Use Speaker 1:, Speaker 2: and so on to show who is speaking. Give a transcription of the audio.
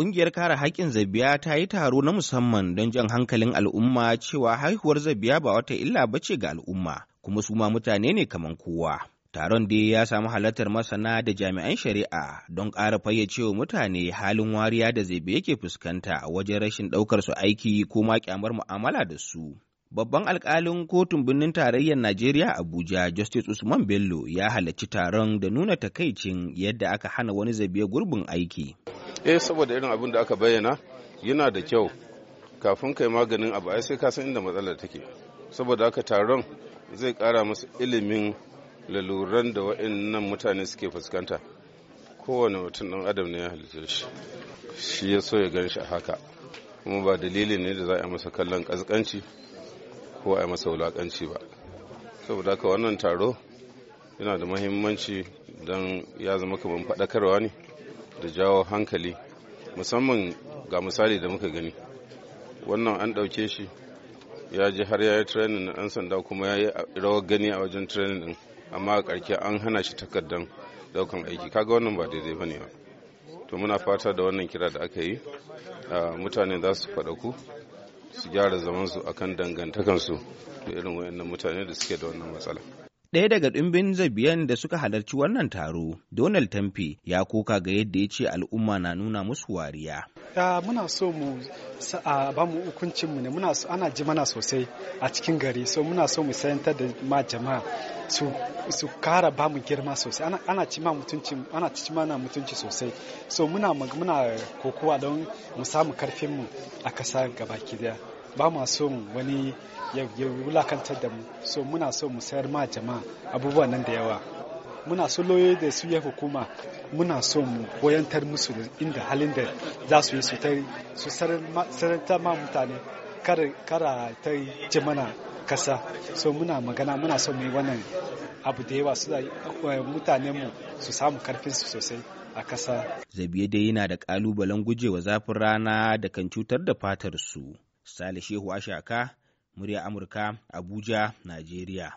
Speaker 1: Ƙungiyar kare haƙƙin zabiya ta yi taro na musamman don jan hankalin al'umma cewa haihuwar zabiya ba wata illa ba ce ga al'umma, kuma su ma mutane ne kamar kowa. Taron dai ya samu halartar masana da jami'an shari'a don ƙara fayyacewa mutane halin wariya da zabe yake fuskanta wajen rashin ɗaukar su aiki ko ma kyamar mu'amala da su. Babban alkalin kotun birnin tarayyar Najeriya Abuja Justice Usman Bello ya halarci taron da nuna takaicin yadda aka hana wani zabiya gurbin aiki.
Speaker 2: eh saboda irin abin da aka bayyana yana da kyau kafin kai maganin abu ai sai ka san inda matsalar take saboda haka taron zai kara musu ilimin laluran da waɗannan mutane suke fuskanta kowane mutum ɗan adam ne ya halice shi shi ya so ya gan shi haka kuma ba dalili ne da za a masa kallon ƙasƙanci ko a masa wulaƙanci ba saboda haka wannan taro yana da mahimmanci don ya zama kamar faɗakarwa ne da jawo hankali musamman ga misali da muka gani wannan an ɗauke shi ya ji har ya yi training na ɗan sanda kuma ya yi rawar gani a wajen training ɗin amma a ƙarke an hana shi takardar ɗaukan aiki kaga wannan ba daidai ba ne ba to muna fata da wannan kira da aka yi mutane za su faɗaku su gyara zamansu akan dangantakansu da irin wayannan mutane da suke da wannan matsala
Speaker 1: Ɗaya daga ɗimbin zabiyan da suka halarci wannan taro, Donald Tamfi ya koka ga yadda ya ce al'umma na nuna musu wariya.
Speaker 3: muna so mu a ba mu hukuncin ne ana ji mana sosai a cikin gari so muna so mu sayanta da ma jama'a su su kara ba mu girma sosai ana ci ma mutunci ana ci mana mutunci sosai so muna muna kokowa don mu samu karfin mu a kasa gabaki daya. ba ma son wani ya wulakantar da mu so muna so mu sayar ma jama'a abubuwan nan da yawa muna so loye da su ya hukuma muna so mu koyantar musu inda halin da za su yi su ta su ma mutane kara ta ji mana kasa so muna magana muna so mu yi wannan abu da yawa su eh, mutane mu su samu karfin su sosai a kasa
Speaker 1: zabiye dai yana da kalubalen gujewa zafin rana da kan cutar da fatar su Sale Shehu Ashaka, murya Amurka, Abuja, Najeriya.